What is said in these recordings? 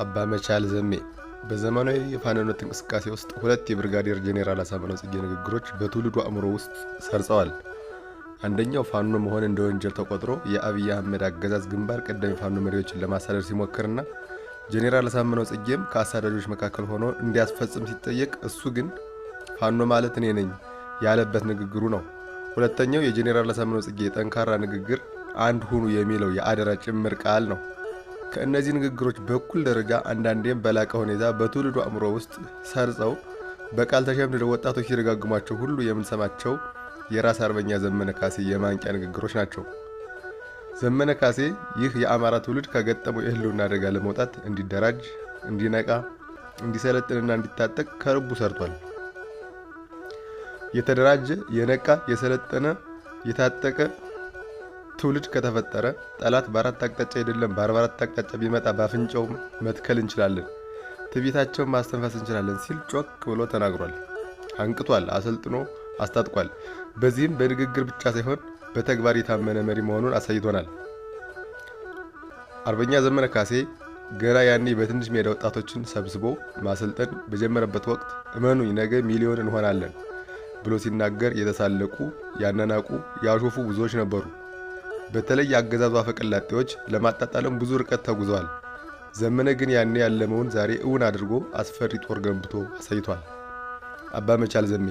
አባ መቻል ዘሜ በዘመናዊ የፋኖነት እንቅስቃሴ ውስጥ ሁለት የብርጋዴር ጄኔራል አሳምነው ጽጌ ንግግሮች በትውልዱ አእምሮ ውስጥ ሰርጸዋል። አንደኛው ፋኖ መሆን እንደ ወንጀል ተቆጥሮ የአብይ አህመድ አገዛዝ ግንባር ቀደም የፋኖ መሪዎችን ለማሳደድ ሲሞክርና ጄኔራል አሳምነው ጽጌም ከአሳዳጆች መካከል ሆኖ እንዲያስፈጽም ሲጠየቅ እሱ ግን ፋኖ ማለት እኔ ነኝ ያለበት ንግግሩ ነው። ሁለተኛው የጄኔራል አሳምነው ጽጌ ጠንካራ ንግግር አንድ ሁኑ የሚለው የአደራ ጭምር ቃል ነው። ከእነዚህ ንግግሮች በኩል ደረጃ አንዳንዴም በላቀ ሁኔታ በትውልዱ አእምሮ ውስጥ ሰርጸው በቃል ተሸምድደው ወጣቶች ሲደጋግሟቸው ሁሉ የምንሰማቸው የራስ አርበኛ ዘመነ ካሴ የማንቂያ ንግግሮች ናቸው። ዘመነ ካሴ ይህ የአማራ ትውልድ ከገጠመው የህልውና አደጋ ለመውጣት እንዲደራጅ፣ እንዲነቃ፣ እንዲሰለጥንና እንዲታጠቅ ከልቡ ሰርቷል። የተደራጀ፣ የነቃ፣ የሰለጠነ፣ የታጠቀ ትውልድ ከተፈጠረ ጠላት በአራት አቅጣጫ አይደለም በአርባ አራት አቅጣጫ ቢመጣ በአፍንጫው መትከል እንችላለን፣ ትዕቢታቸውን ማስተንፈስ እንችላለን ሲል ጮክ ብሎ ተናግሯል። አንቅቷል፣ አሰልጥኖ አስታጥቋል። በዚህም በንግግር ብቻ ሳይሆን በተግባር የታመነ መሪ መሆኑን አሳይቶናል። አርበኛ ዘመነ ካሴ ገና ያኔ በትንሽ ሜዳ ወጣቶችን ሰብስቦ ማሰልጠን በጀመረበት ወቅት እመኑኝ ነገ ሚሊዮን እንሆናለን ብሎ ሲናገር የተሳለቁ ያነናቁ ያሾፉ ብዙዎች ነበሩ። በተለይ የአገዛዙ አፈቀላጤዎች ለማጣጣልም ብዙ ርቀት ተጉዘዋል። ዘመነ ግን ያኔ ያለመውን ዛሬ እውን አድርጎ አስፈሪ ጦር ገንብቶ አሳይቷል። አባ መቻል ዘሜ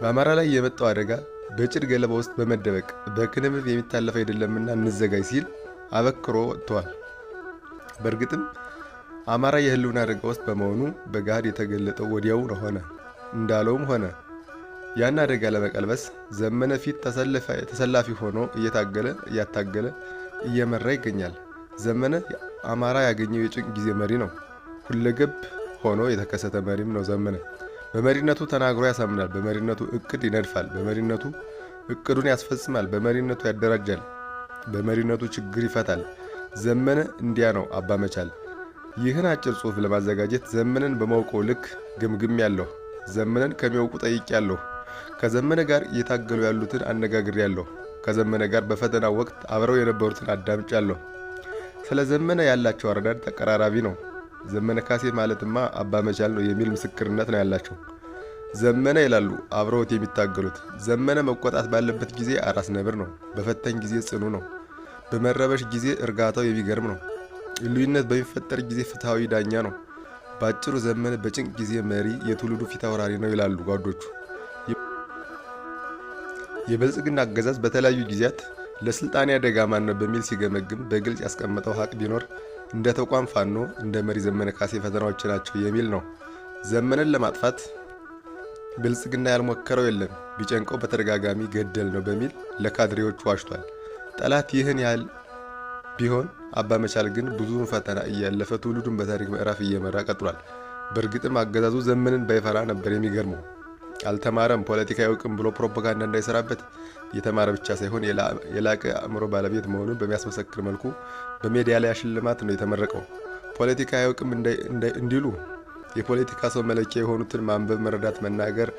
በአማራ ላይ የመጣው አደጋ በጭድ ገለባ ውስጥ በመደበቅ በክንምብ የሚታለፍ አይደለምና እንዘጋጅ ሲል አበክሮ ወጥተዋል። በእርግጥም አማራ የህልውን አደጋ ውስጥ በመሆኑ በገሃድ የተገለጠው ወዲያው ሆነ። እንዳለውም ሆነ። ያን አደጋ ለመቀልበስ ዘመነ ፊት ተሰላፊ ሆኖ እየታገለ እያታገለ እየመራ ይገኛል። ዘመነ አማራ ያገኘው የጭንቅ ጊዜ መሪ ነው። ሁለገብ ሆኖ የተከሰተ መሪም ነው ዘመነ። በመሪነቱ ተናግሮ ያሳምናል። በመሪነቱ እቅድ ይነድፋል። በመሪነቱ እቅዱን ያስፈጽማል። በመሪነቱ ያደራጃል። በመሪነቱ ችግር ይፈታል። ዘመነ እንዲያ ነው አባመቻል ይህን አጭር ጽሑፍ ለማዘጋጀት ዘመነን በማውቀው ልክ ግምግም ያለሁ ዘመነን ከሚያውቁ ጠይቄ ያለሁ። ከዘመነ ጋር እየታገሉ ያሉትን ያለሁ ከዘመነ ጋር በፈተና ወቅት አብረው የነበሩትን አዳምጫለሁ። ስለ ዘመነ ያላቸው አረዳድ ተቀራራቢ ነው። ዘመነ ካሴ ማለትማ አባ መቻል ነው የሚል ምስክርነት ነው ያላቸው። ዘመነ ይላሉ አብረውት የሚታገሉት። ዘመነ መቆጣት ባለበት ጊዜ አራስ ነብር ነው። በፈተኝ ጊዜ ጽኑ ነው። በመረበሽ ጊዜ እርጋታው የሚገርም ነው። ልዩነት በሚፈጠር ጊዜ ፍትሐዊ ዳኛ ነው። በአጭሩ ዘመነ በጭንቅ ጊዜ መሪ፣ የትውልዱ ፊት አውራሪ ነው ይላሉ ጓዶቹ። የብልጽግና አገዛዝ በተለያዩ ጊዜያት ለስልጣኔ አደጋ ማን ነው በሚል ሲገመግም በግልጽ ያስቀመጠው ሀቅ ቢኖር እንደ ተቋም ፋኖ እንደ መሪ ዘመነ ካሴ ፈተናዎች ናቸው የሚል ነው። ዘመነን ለማጥፋት ብልጽግና ያልሞከረው የለም፣ ቢጨንቀው በተደጋጋሚ ገደል ነው በሚል ለካድሬዎቹ ዋሽቷል። ጠላት ይህን ያህል ቢሆን አባ መቻል ግን ብዙውን ፈተና እያለፈ ትውልዱን በታሪክ ምዕራፍ እየመራ ቀጥሏል። በእርግጥም አገዛዙ ዘመንን ባይፈራ ነበር የሚገርመው። አልተማረም ፖለቲካ ያውቅም ብሎ ፕሮፓጋንዳ እንዳይሰራበት የተማረ ብቻ ሳይሆን የላቀ አእምሮ ባለቤት መሆኑን በሚያስመሰክር መልኩ በሜዳሊያ ሽልማት ነው የተመረቀው። ፖለቲካ ያውቅም እንዲሉ የፖለቲካ ሰው መለኪያ የሆኑትን ማንበብ፣ መረዳት፣ መናገር፣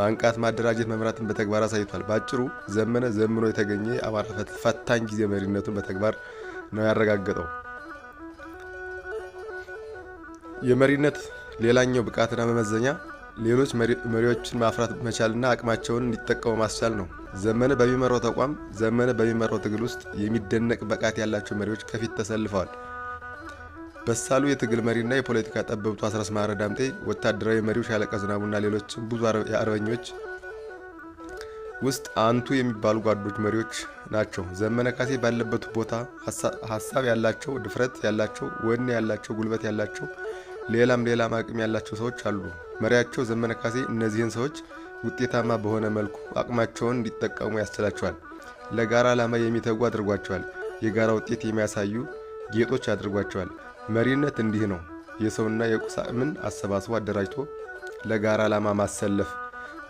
ማንቃት፣ ማደራጀት፣ መምራትን በተግባር አሳይቷል። በአጭሩ ዘመነ ዘምኖ የተገኘ አማራ ፈታኝ ጊዜ መሪነቱን በተግባር ነው ያረጋገጠው። የመሪነት ሌላኛው ብቃትና መመዘኛ ሌሎች መሪዎችን ማፍራት መቻልና አቅማቸውን እንዲጠቀሙ ማስቻል ነው። ዘመነ በሚመራው ተቋም፣ ዘመነ በሚመራው ትግል ውስጥ የሚደነቅ ብቃት ያላቸው መሪዎች ከፊት ተሰልፈዋል። በሳሉ የትግል መሪና የፖለቲካ ጠበብቱ አስረስ ማረ ዳምጤ፣ ወታደራዊ መሪው ሻለቃ ዝናቡና ሌሎችም ብዙ የአርበኞች ውስጥ አንቱ የሚባሉ ጓዶች መሪዎች ናቸው። ዘመነ ካሴ ባለበት ቦታ ሀሳብ ያላቸው፣ ድፍረት ያላቸው፣ ወኔ ያላቸው፣ ጉልበት ያላቸው ሌላም ሌላም አቅም ያላቸው ሰዎች አሉ። መሪያቸው ዘመነ ካሴ እነዚህን ሰዎች ውጤታማ በሆነ መልኩ አቅማቸውን እንዲጠቀሙ ያስችላቸዋል። ለጋራ ዓላማ የሚተጉ አድርጓቸዋል። የጋራ ውጤት የሚያሳዩ ጌጦች አድርጓቸዋል። መሪነት እንዲህ ነው። የሰውና የቁስ አቅምን አሰባስቦ አደራጅቶ ለጋራ ዓላማ ማሰለፍ፣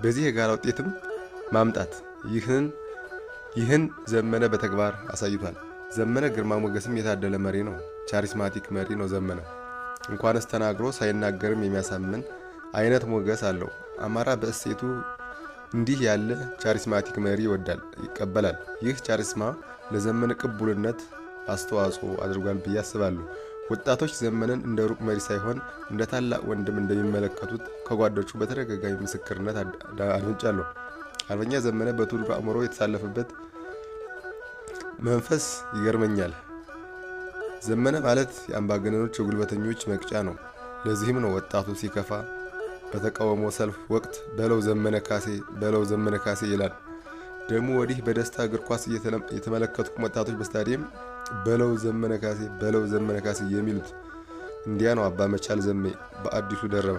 በዚህ የጋራ ውጤትም ማምጣት። ይህን ይህን ዘመነ በተግባር አሳይቷል። ዘመነ ግርማ ሞገስም የታደለ መሪ ነው። ቻሪስማቲክ መሪ ነው ዘመነ። እንኳንስ ተናግሮ ሳይናገርም የሚያሳምን አይነት ሞገስ አለው። አማራ በእሴቱ እንዲህ ያለ ቻሪስማቲክ መሪ ይወዳል፣ ይቀበላል። ይህ ቻሪስማ ለዘመነ ቅቡልነት አስተዋጽኦ አድርጓል ብዬ አስባለሁ። ወጣቶች ዘመንን እንደ ሩቅ መሪ ሳይሆን እንደ ታላቅ ወንድም እንደሚመለከቱት ከጓዶቹ በተደጋጋሚ ምስክርነት አድምጫለሁ። አርበኛ ዘመነ በቱሉ አእምሮ የተሳለፈበት መንፈስ ይገርመኛል። ዘመነ ማለት የአምባገነኖች የጉልበተኞች መቅጫ ነው። ለዚህም ነው ወጣቱ ሲከፋ በተቃውሞ ሰልፍ ወቅት በለው ዘመነ ካሴ በለው ዘመነ ካሴ ይላል። ደግሞ ወዲህ በደስታ እግር ኳስ የተመለከትኩ ወጣቶች በስታዲየም በለው ዘመነ ካሴ በለው ዘመነ ካሴ የሚሉት እንዲያ ነው። አባ መቻል ዘሜ በአዲሱ ደረበ